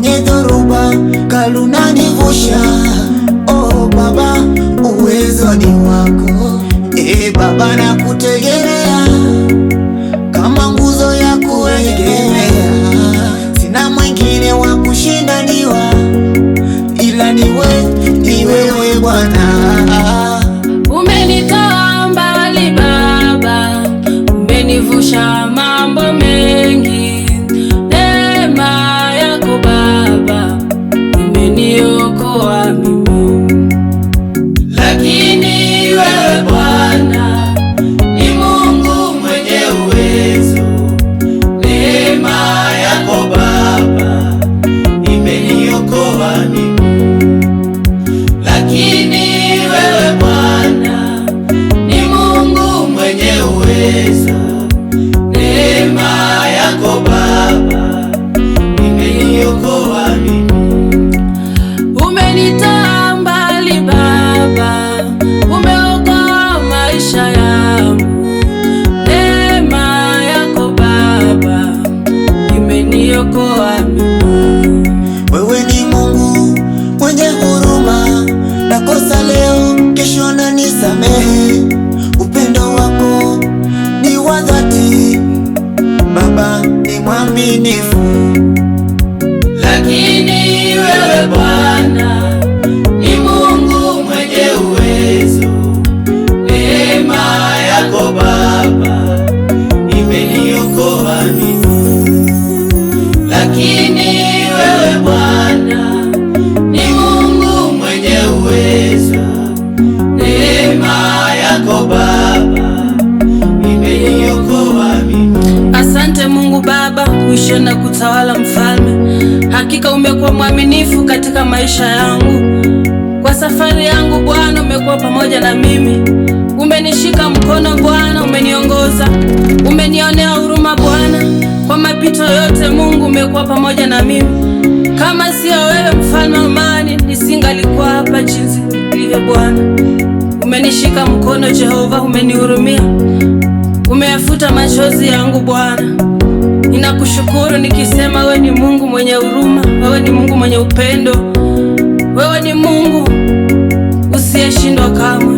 kwenye dhoruba kaluna nivusha. Oh Baba, uwezo ni wako. Eh Baba, nakutegemea kama nguzo ya kuegemea, sina mwingine wa kushindaniwa ila niwe, ni wewe Bwana. Umenitoa mbali Baba, umenivusha niliokoa lakini wewe Bwana ni Mungu mwenye uweza. Neema yako Baba imeniokoa mimi. Asante Mungu Baba, kuisha na kutawala Mfalme. Hakika umekuwa mwaminifu katika maisha yangu. Kwa safari yangu Bwana umekuwa pamoja na mimi, umenishika mkono Bwana, umeniongoza kuwa pamoja na mimi. Kama sio wewe, mfalme wa amani, nisingalikuwa hapa jinsi nilivyo. Bwana, umenishika mkono, Jehova, umenihurumia, umeyafuta machozi yangu. Bwana, ninakushukuru nikisema, wewe ni Mungu mwenye huruma, wewe ni Mungu mwenye upendo, wewe ni Mungu usiyeshindwa kamwe.